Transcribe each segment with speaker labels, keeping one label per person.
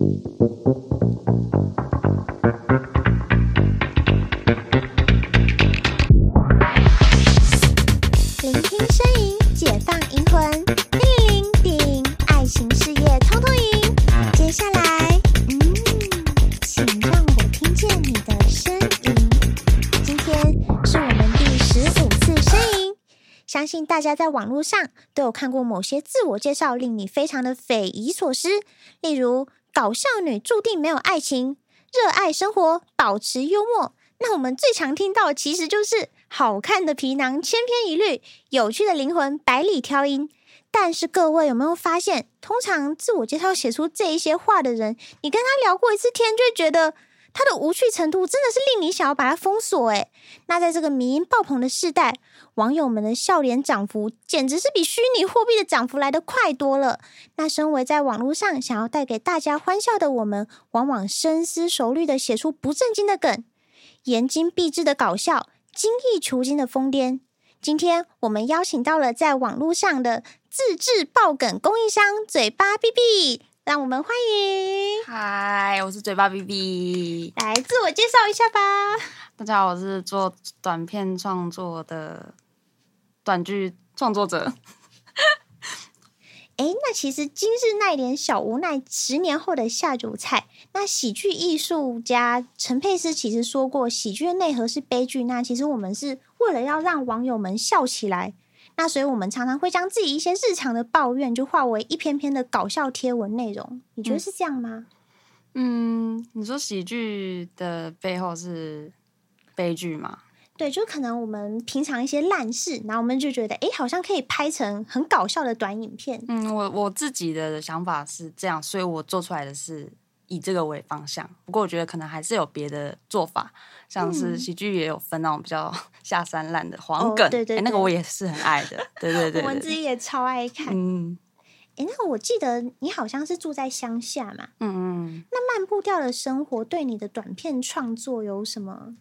Speaker 1: 聆聽聲音，解放靈魂，叮鈴鈴，叮，愛情事業通通贏。接下來，嗯，請讓我聽見你的聲音。今天是我們第十五次聲音，相信大家在網絡上都有看過某些自我介紹，令你非常的匪夷所思，例如。搞笑女注定沒有愛情，熱愛生活，保持幽默。那我們最常聽到，其實就是好看的皮囊千篇一律，有趣的靈魂百裡挑一。但是各位有沒有發現，通常自我介紹寫出這一些話的人，你跟他聊過一次天，就會覺得。它的無趣程度真的是令你想要把它封鎖誒。那在這個迷因爆棚的世代，網友們的笑臉漲幅簡直是比虛擬貨幣的漲幅來得快多了。那身為在網絡上想要帶給大家歡笑的我們，往往深思熟慮的寫出不正經的梗，研精畢智的搞笑，精益求精的瘋癲。今天我們邀請到了在網絡上的自制爆梗供應商——嘴巴閉閉。讓我們歡迎，嗨，我是嘴巴閉閉，來，自我介紹一下吧。大
Speaker 2: 家好，我是做短片創作的短劇創作者。
Speaker 1: 哎、 欸，那其實今日那一點小無奈，十年後的下酒菜。那喜劇藝術家陳佩斯其實說過，喜劇的內核是悲劇。那其實我們是為了要讓網友們笑起來。那所以，我們常常會將自己一些日常的抱怨，就化為一篇篇的搞笑貼文內容。你覺得是這
Speaker 2: 樣嗎？嗯，嗯，你說喜劇的背後是悲劇嗎？
Speaker 1: 對，就可能我們平常一些爛事，然後我們就覺得，誒，好像可以拍成很搞笑的短影片。嗯，
Speaker 2: 我我自己的想法是這樣，所以我做出來的是。以這個為方向，不過我覺得可能還是有別的做法，像是喜劇也有分那種比較下三濫的，嗯、黃梗，oh, 對，對，對、欸、那個我也是很愛的， 對，對對對，我們自己
Speaker 1: 也超愛看。哎、嗯欸，那我記得你好像是住在鄉下嘛，嗯嗯，那慢步調的生活對你的短片創作有什麼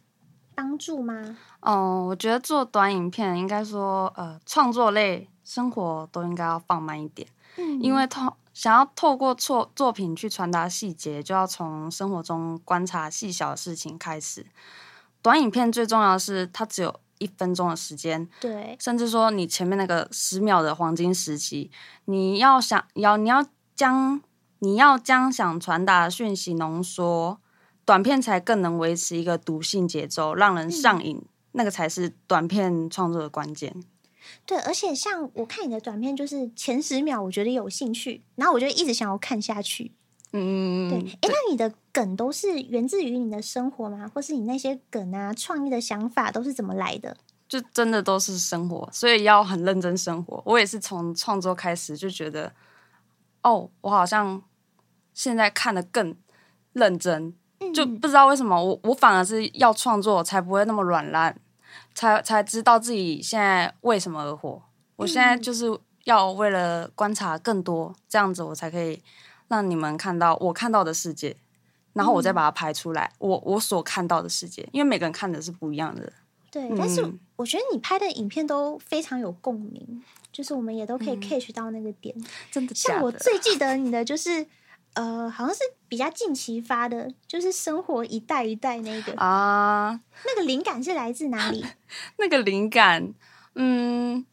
Speaker 1: 幫助嗎？
Speaker 2: 哦，oh, 我覺得做短影片應該說呃，創作類生活都應該要放慢一點，嗯，因為他想要透過作作品，去傳達細節，就要從生活中觀察細小的事情開始。短影片最重要的是，它只有一分鐘的時間，對，甚至說你前面那個十秒的黃金時期，你要想要你要將你要將想傳達的訊息濃縮，短片才更能維持一個毒性節奏，讓人上癮，嗯，那個才是短片創作的關鍵。
Speaker 1: 對，而且像我看你的短片，就是前十秒我覺得有興趣，然後我就一直想要看下去。嗯，對。誒，對那你的梗都是源自於你的生活嗎？或是你那些梗啊、創意的想法都是怎麼來的？
Speaker 2: 就真的都是生活，所以要很認真生活。我也是從創作開始就覺得，哦，我好像現在看得更認真，嗯、就不知道為什麼我我反而是要創作才不會那麼軟爛。才才知道自己現在為什麼而活。我現在就是要為了觀察更多，嗯、這樣子我才可以讓你們看到我看到的世界，
Speaker 1: 然後我再把它
Speaker 2: 拍出來我。我、嗯、我所看到的世界，因為每個人看的是不一樣的。對，嗯、但是
Speaker 1: 我覺得你拍的影片都非常有共鳴，就是我們也都可以 catch 到那個點。嗯、真的假的？像我最記得你的就是， 呃，好像是。比較近期發的，就是生活一代一代那個啊，uh, 那個靈感是來自哪裡？
Speaker 2: 那個靈感，嗯，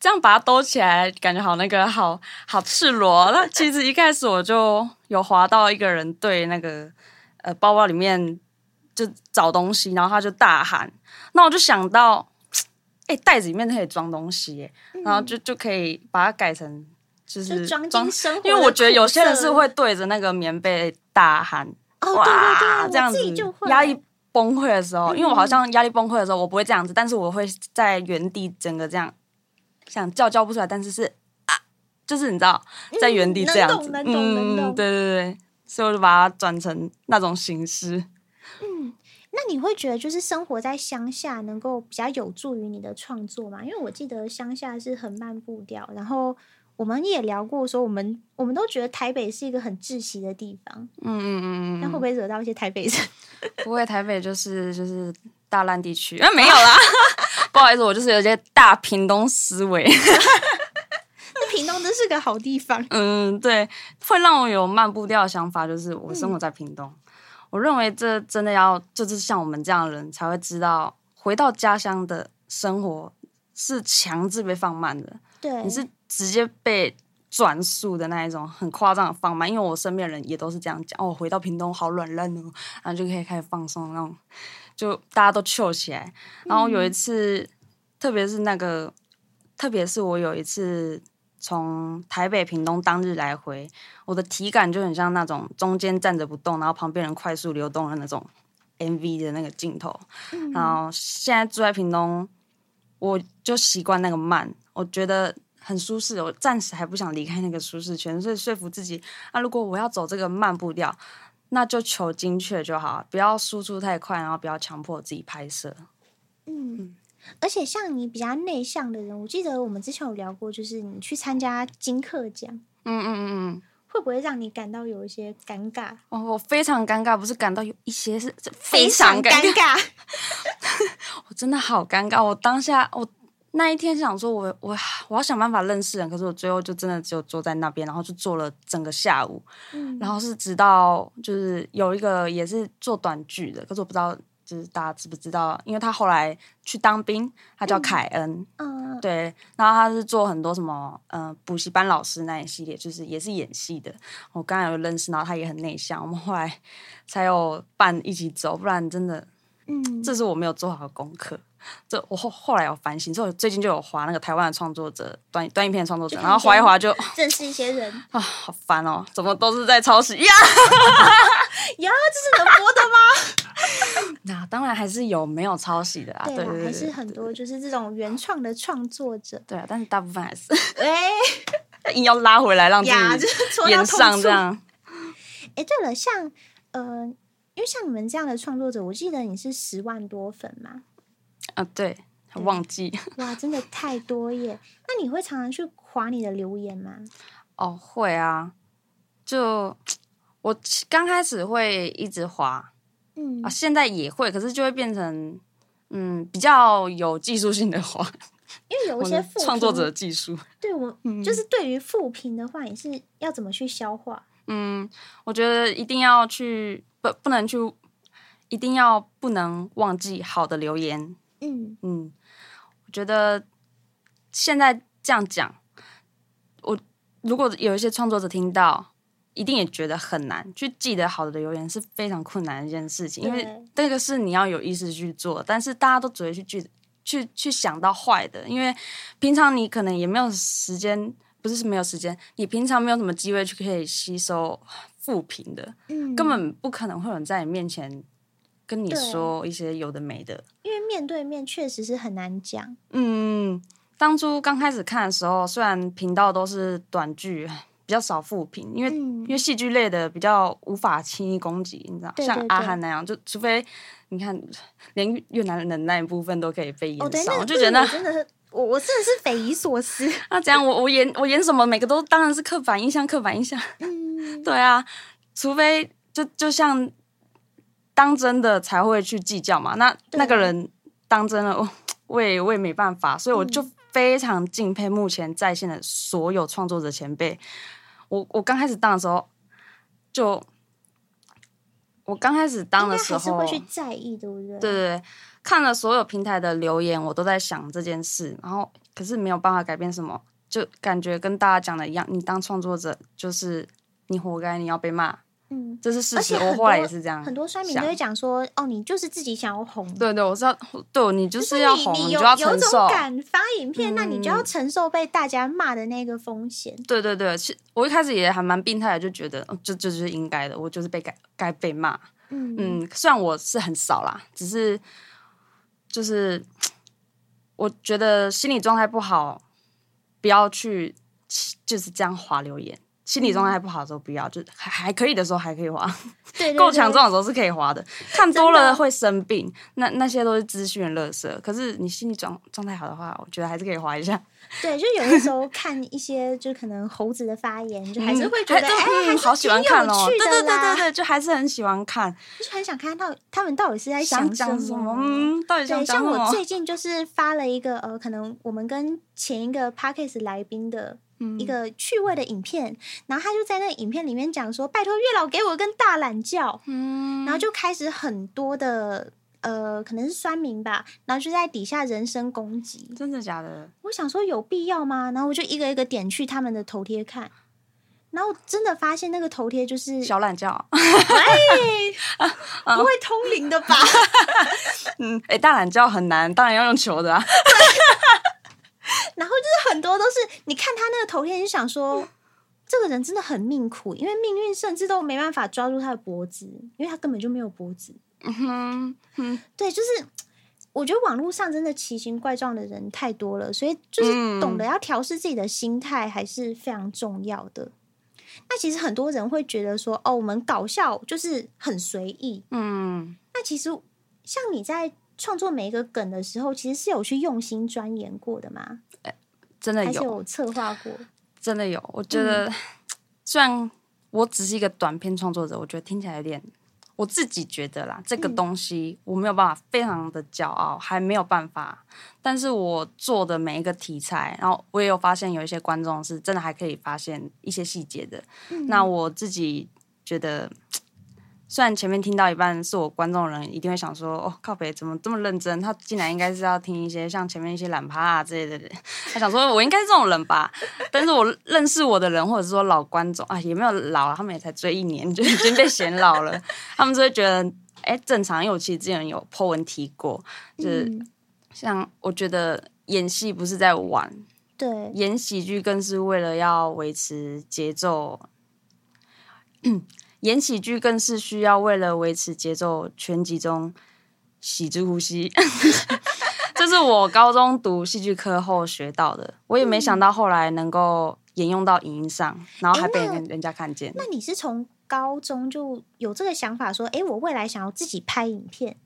Speaker 2: 這樣把它兜起來，感覺好那個好，好好赤裸。那 其實一開始我就有滑到一個人對，那個呃包包裡面就找東西，然後他就大喊，那我就想到，哎、欸，袋子裡面可以裝東西耶，嗯、然後就就可以把它改成。就是裝進生活，因為我覺得有些人是會對着那個棉被大喊，哦，哇，對對對，這樣子啊，壓力崩潰的時候，嗯、因為我好像壓力崩潰的時候，我不會這樣子，但是我會在原地整個這樣想叫叫不出來，但是是、啊、就是你知道，在原地這樣子，嗯，對對對，所以我就把它轉成那種形式。嗯，
Speaker 1: 那你會覺得就是生活在鄉下能夠比較有助於你的創作嗎？因為我記得鄉下是很慢步調，然後。我們也聊過說，我們我們都覺得台北是一個很窒息的地方。嗯嗯嗯嗯，那會不會惹到一些台北人？不會，台北就是就是大爛地區。啊，沒有啦，
Speaker 2: 啊、不好意思， 我就是有些大屏東思維。 那屏東真是個好地方。嗯，對，會讓我有慢步調的想法，就是我生活在屏東。嗯、我認為這真的要就是像我們這樣的人才會知道，回到家鄉的生活是強制被放慢的。對，你是。直接被轉速的那一種很誇張的放慢，因為我身邊人也都是這樣講哦。回到屏東好軟爛哦，然後就可以開始放鬆，然後就大家都翹起來。然後有一次，嗯、特別是那個，特別是我有一次從台北屏東當日來回，我的體感就很像那種中間站着不動，然後旁邊人快速流動的那種 MV 的那個鏡頭。嗯、然後現在住在屏東，我就習慣那個慢，我覺得。很舒適，我暫時還不想離開那個舒適圈，所以說服自己啊，如果我要走這個慢步調，那就求精確就好，不要輸出太快，然後不要強迫自己拍攝。嗯，
Speaker 1: 嗯，而且像你比較內向的人，我記得我們之前有聊過，就是你去參加金課獎，嗯，嗯嗯嗯嗯，會不會讓你感到有一些尷尬？哦，我非常尷尬，不是感到有一些，是非常尷尬，尷尬
Speaker 2: 我真的好尷尬，我當下我。那一天想說我，我我我要想辦法認識人，可是我最後就真的只有坐在那邊，然後就坐了整個下午，嗯、
Speaker 1: 然後是直
Speaker 2: 到就是有一個也是做短劇的，可是我不知道就是大家知不知道，因為他後來去當兵，他叫凱恩，嗯，
Speaker 1: 啊、對，
Speaker 2: 然後他是做很多什麼呃補習班老師那一系列，就是也是演戲的，我剛才有認識，然後他也很內向，我們後來才有伴一起走，不然真的，嗯，這是我沒有做好的功課。這我後後來有反省，之後最近就有滑那個台灣的創作者短,短影片的創作者，然後滑一滑就
Speaker 1: 認識一些人啊、呃，好
Speaker 2: 煩哦，怎麼都是
Speaker 1: 在抄襲呀？ 呀，這是能播的嗎？那、 啊、當
Speaker 2: 然還是有沒有抄襲的啊，對,啦對,對,對,對，還是
Speaker 1: 很多對對就是這種原創的創作者，對啊，但是大部分還是
Speaker 2: 哎、欸，硬要拉回來讓自己演上這樣。
Speaker 1: 哎，對了，像呃，因為像你們這樣的創作者，我記得你是十萬多粉嘛。
Speaker 2: 啊，對，很忘記、嗯、
Speaker 1: 哇，真的太多耶！那你會常常去滑你的留言嗎？
Speaker 2: 哦，會啊，就我剛開始會一直滑，
Speaker 1: 嗯啊，現
Speaker 2: 在也會，可是就會變成嗯比較有技術性的滑，因為
Speaker 1: 有一些負 創作者技術，對我、嗯、就是對於負評的話，你是要怎麼去消化？嗯，
Speaker 2: 我覺得一定要去不不能去，一定要不能忘記好的留言。嗯嗯，我覺得現在這樣講，我如果有一些創作者聽到，一定也覺得很難去記得好的留言是非常困難的一件事情，對因為這個是你要有意識去做，但是大家都只會去去去想到壞的，因為平常你可能也沒有時間，不是沒有時間，你平常沒有什麼機會去可以吸收負評的，嗯、根本不可能會有人在你面前。跟你說一些有的沒的，因
Speaker 1: 為面對面確實是很難講。嗯，當初剛開
Speaker 2: 始看的時候，雖然頻道都是短劇，比較少負評，因為、嗯、因為戲劇類的比較無法輕易攻擊，你知道，對對對像阿涵那樣，就除非你看連越南人那一部分都可以被演少，哦、我就覺得我真的
Speaker 1: 是，我我真的是匪夷
Speaker 2: 所思。那這、 啊、樣，我我演我演什麼？每個都當然是刻板印象，刻板印象。嗯、 對啊，除非就就像。當真的才會去計較嘛？那對那個人當真的，我我也我也沒辦法，所以我就非常敬佩目前在線的所有創作者前輩。我我剛開始當的時候，就我剛開始當的時候是會
Speaker 1: 去在意，對不對？對對對，
Speaker 2: 看了所有平台的留言，我都在想這件事，然後可是沒有辦法改變什麼，就感覺跟大家講的一樣，你當創作者就是你活該，你要被罵。
Speaker 1: 嗯，這是事實。我後來也是這樣。很多酸民都會講說：“哦，你就是自己想要紅。”對，對
Speaker 2: 對，我知道。對，你就是要紅，你，有你就要承受。敢
Speaker 1: 發影片，嗯、那你就要承受被大家罵的那個風險。
Speaker 2: 對對對，其實我一開始也還蠻病態的，就覺得這這就，就是應該的，我就是被該該被罵。嗯嗯，雖然我是很少啦，只是就是我覺得心理狀態不好，不要去就是這樣滑留言。心理狀態不好的時候不要，嗯、就還還可以的時候還可以滑，夠強壯的時候是可以滑的。的看多了會生病，那那些都是資訊的垃圾。可是你心理狀狀態好的話，我覺得還是可以滑一下。
Speaker 1: 對，就有的時候看一些，就可能猴子的發言， 就還是會覺得，嗯、還好喜歡看哦。欸、對對對對對，就還是很喜歡看，就是很想看到他們到底是在想講什,什麼，嗯，到底在想講什麼對。像我最近就是發了一個呃，可能我們跟前一個 Podcast 來賓的。一個趣味的影片，然後他就在那個影片裡面講說：“拜託月老給我一根大懶叫。”嗯，然後就開始很多的呃，可能是酸民吧，然後就在底下人身攻擊。真的假的？我想說有必要嗎？然後我就一個一個點去他們的頭貼看，然後真的發現那個頭貼就是小懶叫，啊。哎、 不會通靈的吧？ 嗯，哎、欸，大懶叫很難，當然要用球的啊。 然後就是很多都是，你看他那個頭天就想說 這個人真的很命苦，因為命運甚至都沒辦法抓住他的脖子，因為他根本就沒有脖子。嗯哼，嗯對，就是我覺得網絡上真的奇形怪狀的人太多了，所以就是懂得要調試自己的心態還是非常重要的。嗯，那其實很多人會覺得說，哦，我們搞笑就是很隨意。嗯，那其實像你在。創作每一個梗的時候，其實是有去用心鑽研過的嗎？欸，真的有，還是有策劃過？
Speaker 2: 真的有。我覺得，嗯，雖然我只是一個短片創作者，我覺得聽起來有點，我自己覺得啦，這個東西我沒有辦法非常的驕傲，還沒有辦法。但是我做的每一個題材，然後我也有發現有一些觀眾是真的還可以發現一些細節的。嗯，那我自己覺得。雖然前面聽到一半是我觀眾人，一定會想說：“哦，靠北，怎麼這麼認真？他竟然應該是要聽一些像前面一些懶趴啊之類的。”他想說：“我應該是這種人吧？” 但是我認識我的人，或者是說老觀眾啊，也沒有老，他們也才追一年就已經被嫌老了。 他們就會覺得：“哎、欸，正常。”因為我其實之前有，有 po 文提過，就是、
Speaker 1: 嗯、
Speaker 2: 像我覺得演戲不是在玩，
Speaker 1: 對，
Speaker 2: 演喜劇更是為了要維持節奏。 演喜劇更是需要為了維持節奏，全集中喜之呼吸。 這是我高中讀戲劇課後學到的，我也沒想到後來能夠沿用到影音上，然後還被人家看見。欸、那，
Speaker 1: 那你是從高中就有這個想法說，說、欸、哎，我未來想要自己拍影片，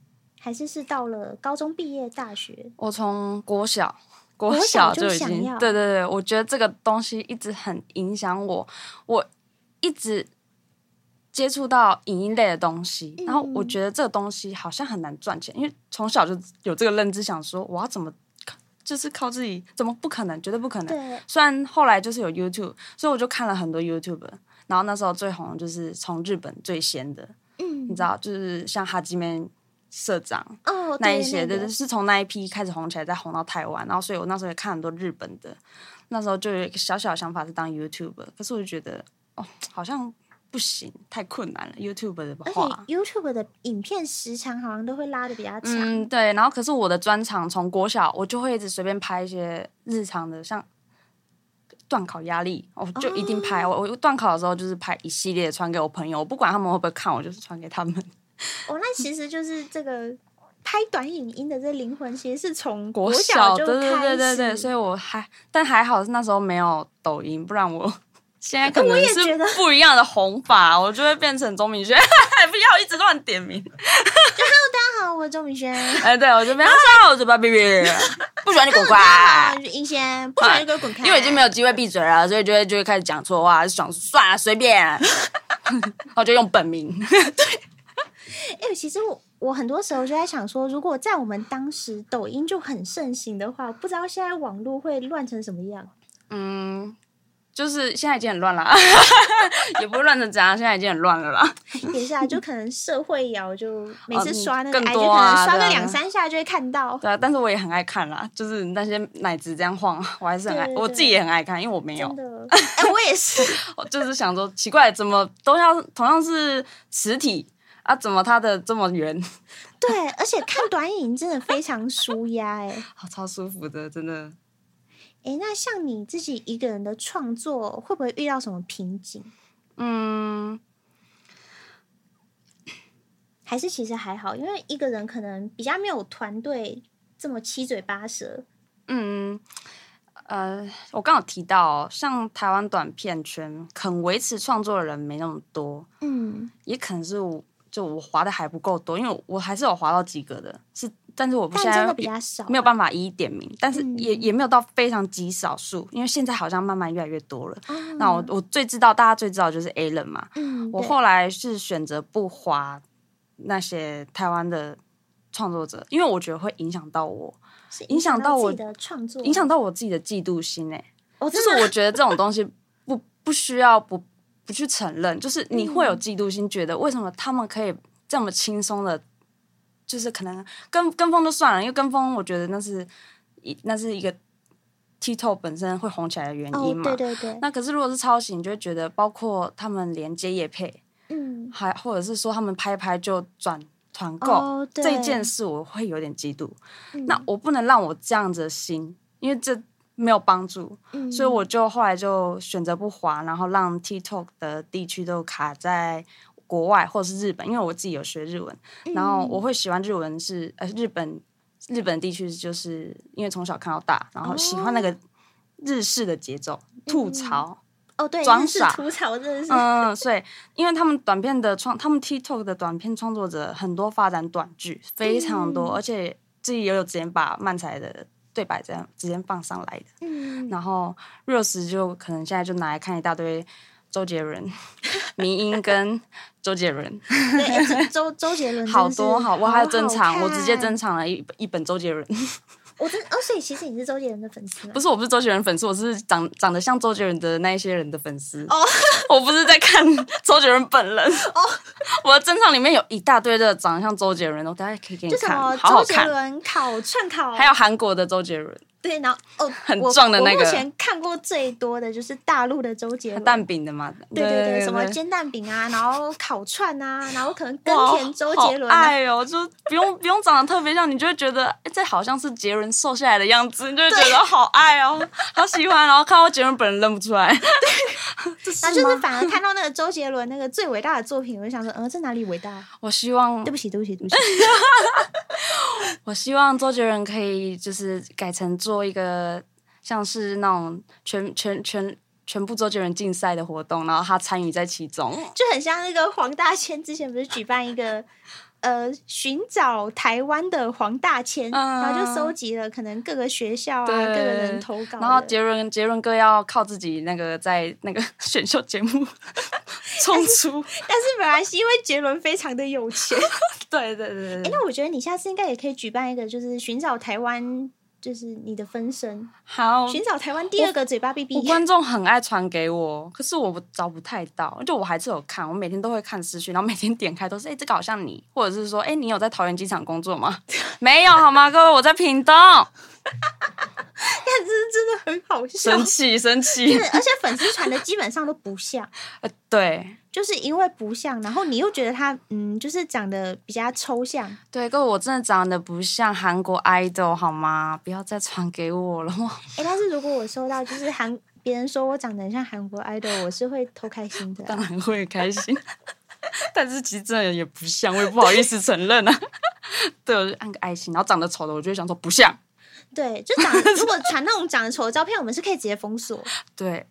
Speaker 1: 還是是到了高中畢業大學？我從國
Speaker 2: 小國小就已經就對對對，我覺得這個東西一直很影響我，我一直。接觸到影音類的東西，嗯、然後我覺得這個東西好像很難賺錢，因為從小就有這個認知，想說我要怎麼靠，就是靠自己，怎麼不可能，絕對不可能。對雖然後來就是有 YouTube，所以我就看了很多 YouTuber，然後那時候最紅就是從日本最先的，
Speaker 1: 嗯，你知道，
Speaker 2: 就是像哈基米社長
Speaker 1: 哦，那一些就是、那個、是
Speaker 2: 從那一批開始紅起來，再紅到台灣。然後，所以我那時候也看很多日本的，那時候就有一個小小的想法是當 YouTuber，可是我就覺得哦，好像。不行，太困難了。YouTube 的而且
Speaker 1: YouTube 的影片時長好像都會拉得比較長。嗯，
Speaker 2: 對。然後可是我的專長從國小我就會一直隨便拍一些日常的，像段考壓力，我就一定拍。哦、我我段考的時候就是拍一系列傳給我朋友，我不管他們會不會看，我就是傳給他們。哦，
Speaker 1: 那其實就是這個拍短影音的這靈魂，其實是從國小就開始。對對,對對對，所以
Speaker 2: 我還但還好是那時候沒有抖音，不然我。
Speaker 1: 現在可能是不一樣的紅髮、欸、我，
Speaker 2: 我就會變成鍾明軒，不
Speaker 1: 要一直亂點
Speaker 2: 名。Hello，
Speaker 1: 大家好，我是鍾明軒。哎、欸，對，我就不要，我就把閉閉不喜歡你滾開。大家好，我是寅仙，不喜歡你給我滾開。
Speaker 2: 因為已經沒有機會閉嘴了，所以就會就會開始講錯話，就想算了，隨便， 然後就用本名。
Speaker 1: 對，因、欸、其實我我很多時候就在想說，如果在我們當時抖音就很盛行的話，不知道現在網絡會亂成什麼樣。嗯。就是現在已經很亂了，啊，也不亂的這樣。現在已
Speaker 2: 經很亂了啦，
Speaker 1: 等一下就可能社會搖，就每次刷那個奶，啊啊、可能刷個兩三
Speaker 2: 下就會看到對，啊。對啊，但是我也很愛看啦，就是那些奶子這樣晃，我還是很愛，對對對，我自己也很愛看，因為我沒有。哎、欸，我也是， 我就是想說，奇怪，怎麼都要同樣是磁體啊，怎麼它的這麼圓？對，而且看短
Speaker 1: 影真的非常舒壓，欸，哎，
Speaker 2: 好超舒服的，真的。
Speaker 1: 哎，那像你自己一個人的創作，會不會遇到什麼瓶頸？嗯，還是其實還好，因為一個人可能比較沒有團隊這麼七嘴八舌。嗯，呃，
Speaker 2: 我剛剛有提到，像台灣短片圈，肯維持創作的人沒那麼多。嗯，也可能是我。就我滑的還不夠多，因為我還是有滑到幾個的，是，但是我不現在沒有辦法一一點名，但，啊、但是也、嗯、也沒有到非常極少數，因為現在好像慢慢越來越多了。啊、那我我最知道，大家最知道就是 Alan 嘛。嗯，我後來是選擇不滑那些台灣的創作者，對因為我覺得會影響到我，影響到我的
Speaker 1: 創作，影響
Speaker 2: 到我自己的嫉妒心誒、欸。我就是我覺得這種東西不 不需要不。不去承認，就是你會有嫉妒心，嗯、覺得為什麼他們可以這麼輕鬆的，就是可能跟跟風就算了，因為跟風我覺得那是那是一個 TikTok 本身會紅起來的原因嘛，哦、對對對。那可是如果是抄襲，你就會覺得，包括他們連接業配，嗯，還或者是說他們拍拍就轉團購這一件事，我會有點嫉妒。嗯、那我不能讓我這樣子的心，因為這。沒有幫助，嗯、所以我就後來就選擇不滑，然後讓 TikTok 的地區都卡在國外或者是日本，因為我自己有學日文，
Speaker 1: 嗯、然後我會
Speaker 2: 喜歡日文是呃日本日本地區，就是因為從小看到大，然後喜歡那個日式的節奏吐槽哦、嗯、哦，對，裝傻吐
Speaker 1: 槽真的
Speaker 2: 是嗯，所以因為他們短片的創，他們 TikTok 的短片創作者很多發展短劇非常多，嗯、而且自己也有直接把漫才的對白這樣直接放上來的，嗯、然後 Rose 就可能現在就拿來看一大堆周杰倫， 明英跟周杰倫對， 欸，周周杰倫
Speaker 1: 好多好多，我還有珍藏，我直接
Speaker 2: 珍藏了一一本周杰倫。 我這，哦，所以其實你是周杰倫的粉絲？不是，我不是周杰倫粉絲，我是長長得像周杰倫的那一些人的粉絲。哦，oh. 我不是在看周杰倫本
Speaker 1: 人。哦，oh.
Speaker 2: 我的珍藏裡面有一大堆的長得像周杰倫的，我等下可以給你看。就什麼？好好看，周杰
Speaker 1: 倫烤串烤，還有韓
Speaker 2: 國的周杰倫。
Speaker 1: 對，然後哦，很壯的那個我，我目前看過最多的就是大陸的周杰倫。蛋餅的嘛，對對對，對對對，什麼煎蛋餅啊，然後烤串啊，然後可能更甜周杰倫哎呦，就不用不用長得特別
Speaker 2: 像，你就會覺得哎、欸，這好像是杰倫瘦下來的樣子，你就會覺得好愛哦，對好喜歡，然後看到杰倫本人認不出來。對
Speaker 1: 是那就是反而看到那個周杰倫那個最偉大的作品，我就想說，嗯，這哪裡偉大？我希望，對不起，對不起，對不起，
Speaker 2: 我希望周杰倫可以就是改成做一個像是那種全全全全部周杰倫競賽的活動，然後他參與在其中，
Speaker 1: 就很像那個黃大仙之前不是舉辦一個。 呃，尋找台灣的黃大謙，嗯、然後就收集了可能各個學校啊，對各個人投稿。然後杰
Speaker 2: 倫，杰倫哥要靠自己那個在那個選秀節目
Speaker 1: 衝出。但是本來是因為杰倫非常的有錢。 對對對對、欸。那我覺得你下次應該也可以舉辦一個，就是尋找台灣。就是你的分身，好，尋找台灣第二個嘴巴閉閉。我我觀眾
Speaker 2: 很愛傳給我，可是我找不太到，就我還是有看，我每天都會看私訊，然後每天點開都是哎、欸，這個、好像你，或者是說哎、欸，你有在桃園機場工作嗎？沒有，好嗎， 各位，我在屏東。
Speaker 1: 但這是真的很好笑，神奇神奇，而且粉絲傳的基本上都不像，呃，對。就是因為不像，然後你又覺得他嗯，就是長得比較抽象。對，哥，我真的長得不
Speaker 2: 像韓國 idol 好嗎？不要再傳給我了。哎、
Speaker 1: 欸，但是如果我收到就是韓別 人說我長得很像韓國 idol，我是會偷開心的、啊。當然會開心。
Speaker 2: 但是其實真的也不像，我也不好意思承認啊。對，對，我就按個愛心。然後長得醜的，我就會想說不像。
Speaker 1: 對，就長得 如果傳那種長得醜的照片，我們是可以直接封鎖。
Speaker 2: 對，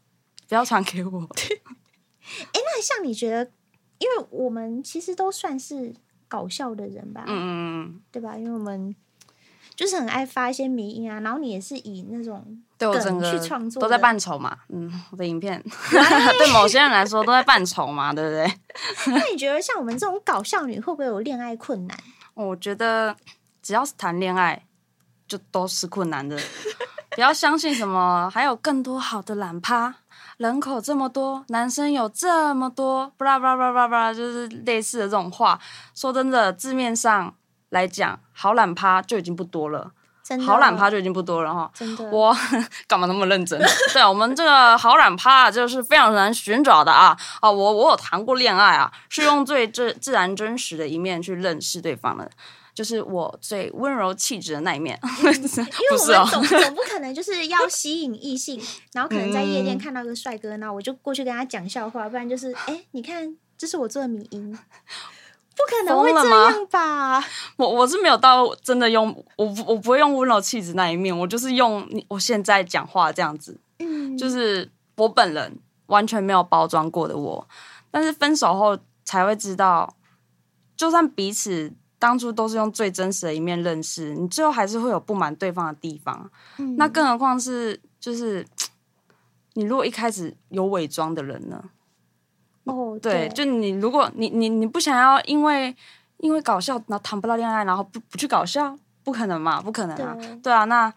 Speaker 2: 不要傳給我。 欸
Speaker 1: 像你覺得，因為我們其實都算是搞笑的人吧，嗯，嗯，嗯，對吧？因為我們就是很愛發一些迷因啊，然後你也是以那種對我整個去創作都在扮醜
Speaker 2: 嘛，嗯，我的影片、啊、 對某些人來說都在扮醜嘛， 對不對？那
Speaker 1: 你覺得像我們這種搞笑女會不會有戀愛困難？我覺得只要
Speaker 2: 是談戀愛，就都是困難的。 不要相信什麼，還有更多好的懶趴。人口這麼多，男生有這麼多，巴拉巴拉巴拉巴拉，就是類似的這種話。說真的，字面上來講，好懶趴就已經不多了，真的了好懶趴就已經不多了哈。真的，我 幹嘛那麼認真？ 對，我們這個好懶趴就是非常難尋找的啊啊！我我有談過戀愛啊，是用最自、自然真實的一面去認識對方的。就是我最溫柔氣質的那一面，嗯，因
Speaker 1: 為我們總 不是、喔、總不可能就是要吸引異性， 然後可能在夜店看到一個帥哥，那我就過去跟他講笑話，不然就是哎，欸，你看這是我做的迷因，不可能會這樣
Speaker 2: 吧？我我是沒有到真的用，我我不會用溫柔氣質那一面，我就是用我現在講話這樣子，嗯，就是我本人完全沒有包裝過的我，但是分手後才會知道，就算彼此。當初都是用最真實的一面認識你，最後還是會有不滿對方的地方。嗯，那更何況是就是你如果一開始有偽裝的人呢？哦，對，對就你如果你你你不想要因為因為搞笑然後談不到戀愛，然後不不去搞笑，不可能嘛？不可能啊！對,對啊，那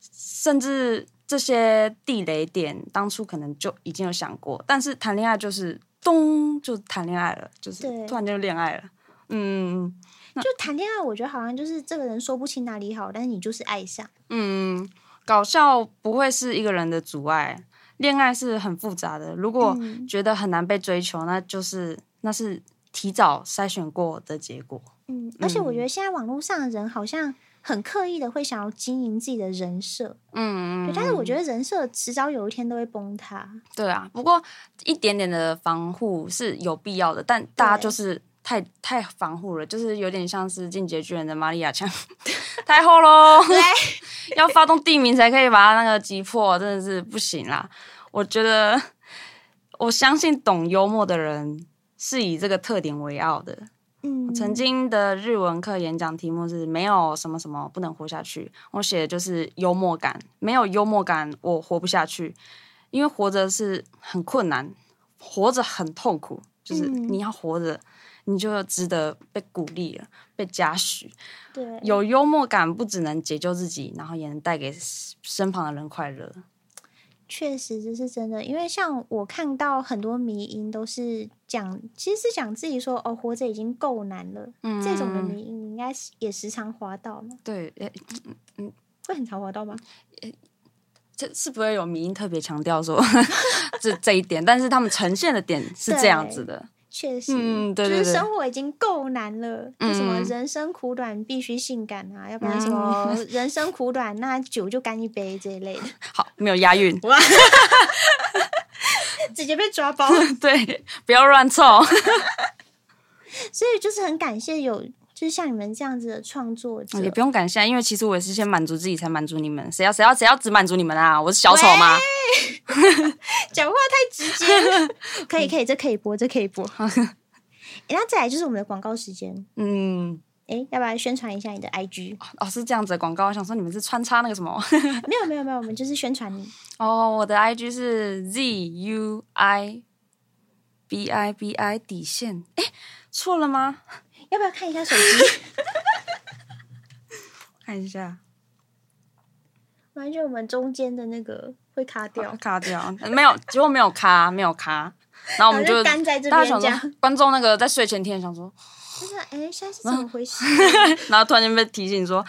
Speaker 2: 甚至這些地雷點當初可能就已經有想過，但是談戀愛就是咚就談戀愛了，就是突然就
Speaker 1: 戀愛了，對，嗯。就談戀愛，我覺得好像就是這個人說不清哪裡好，但是你就是愛上。
Speaker 2: 嗯，搞笑不會是一個人的阻礙，戀愛是很複雜的。如果覺得很難被追求，嗯、那就是那是提早篩選過的結果。
Speaker 1: 嗯，嗯而且我覺得現在網絡上的人好像很刻意的會想要經營自己的人設。嗯，
Speaker 2: 對，但是我覺得
Speaker 1: 人設遲早有一天都會崩塌。
Speaker 2: 對啊，不過一點點的防護是有必要的，但大家就是。太太防護了，就是有點像是進《進擊的巨人》的瑪利亞牆，太厚嘍，要發動地名才可以把它那個擊破，真的是不行啦。我覺得，我相信懂幽默的人是以這個特點為傲的。
Speaker 1: 嗯，曾經
Speaker 2: 的日文課演講題目是沒有什麼什麼不能活下去，我寫的就是幽默感，沒有幽默感我活不下去，因為活着是很困難，活着很痛苦，就是你要活着。嗯你就要值得被鼓勵了，被嘉許。
Speaker 1: 對，有
Speaker 2: 幽默感不只能解救自己，然後也能帶給身旁的人快樂。
Speaker 1: 確實這是真的，因為像我看到很多迷因都是講，其實是講自己說哦，活着已經夠難了。嗯，這種的迷因應該是也時常滑到嗎？對、
Speaker 2: 欸，
Speaker 1: 嗯，嗯會很常滑到嗎？欸、
Speaker 2: 這是不會有迷因特別強調說這 這一點， 但是他們呈現的點是這樣子的。
Speaker 1: 確實，嗯、對對對，就是生活已經夠難了。就什、是、麼人生苦短，必須性感啊，嗯、要不然什麼人生苦短，那酒就乾一杯這一類的。
Speaker 2: 好，沒有押韻，
Speaker 1: 直接被抓包了。
Speaker 2: 對，不要亂湊。
Speaker 1: 所以就是很感謝有。就像你們這樣子的創作也不用
Speaker 2: 感謝，因為其實我也是先滿足自己，才滿足你們。誰要誰要誰要只滿足你們啊？我是小丑嗎？
Speaker 1: 講喂 話太直接了， 可以可以，這可以播，這可以播。好、嗯欸，那再來就是我們的廣告時間。嗯，哎、欸，要不要宣傳一下你的 IG？哦，是這樣子的廣告，我想說你們是穿插那個什麼？ 沒有沒有沒有，我們就是宣傳你哦。我的
Speaker 2: IG 是 ZUIBIBI 底線。哎、
Speaker 1: 欸，錯了嗎？要不要看一下手機？看一下，萬一我們中間的那個會卡掉，卡掉
Speaker 2: 沒有？結果沒有卡，沒有卡，然後我們就大家想說，觀眾那個在睡前聽想說，
Speaker 1: 就是哎，現在
Speaker 2: 是怎麼回事？然後突然間被提醒說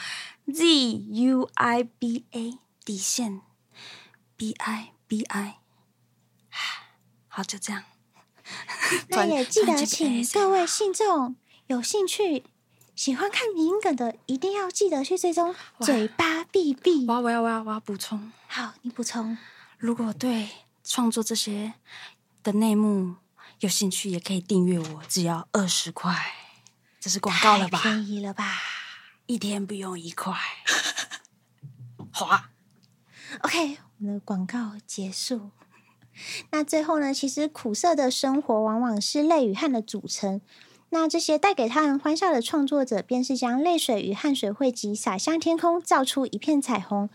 Speaker 2: ，Z U I B A，底線，B I B
Speaker 1: I，好，就這樣。那也記得請各位信眾。有興趣、喜歡看敏感的，一定要記得去追蹤。哇嘴巴閉閉，我要，我要，我要補充。好，你補充。如果
Speaker 2: 對創作這些的內幕有興趣，也可以訂閱我，
Speaker 1: 只要二十塊。這是廣告了吧？太便宜了吧？一天不用一塊， 好啊 OK，我們的廣告結束。那最後呢？其實苦澀的生活往往是淚與汗的組成。那這些帶給他人歡笑的創作者，便是將淚水與汗水匯集，灑向天空，造出一片彩虹。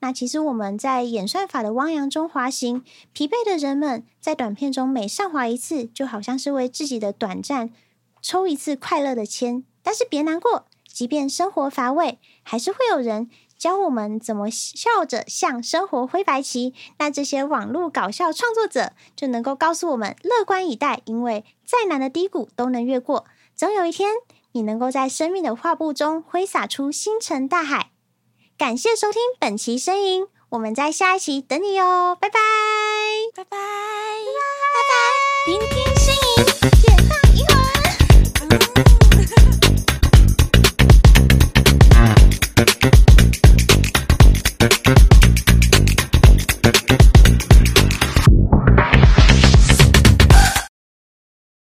Speaker 1: 那其實我們在演算法的汪洋中滑行，疲憊的人們在短片中每上滑一次，就好像是為自己的短暫抽一次快樂的籤。但是別難過，即便生活乏味，還是會有人。教我們怎麼笑着向生活揮白旗，那這些網絡搞笑創作者就能夠告訴我們樂觀以待，因為再難的低谷都能越過，總有一天你能夠在生命的畫布中揮灑出星辰大海。感謝收聽本期聲音，我們在下一期等你哦，拜拜，拜拜，拜拜，聆聽聲音，解放靈魂。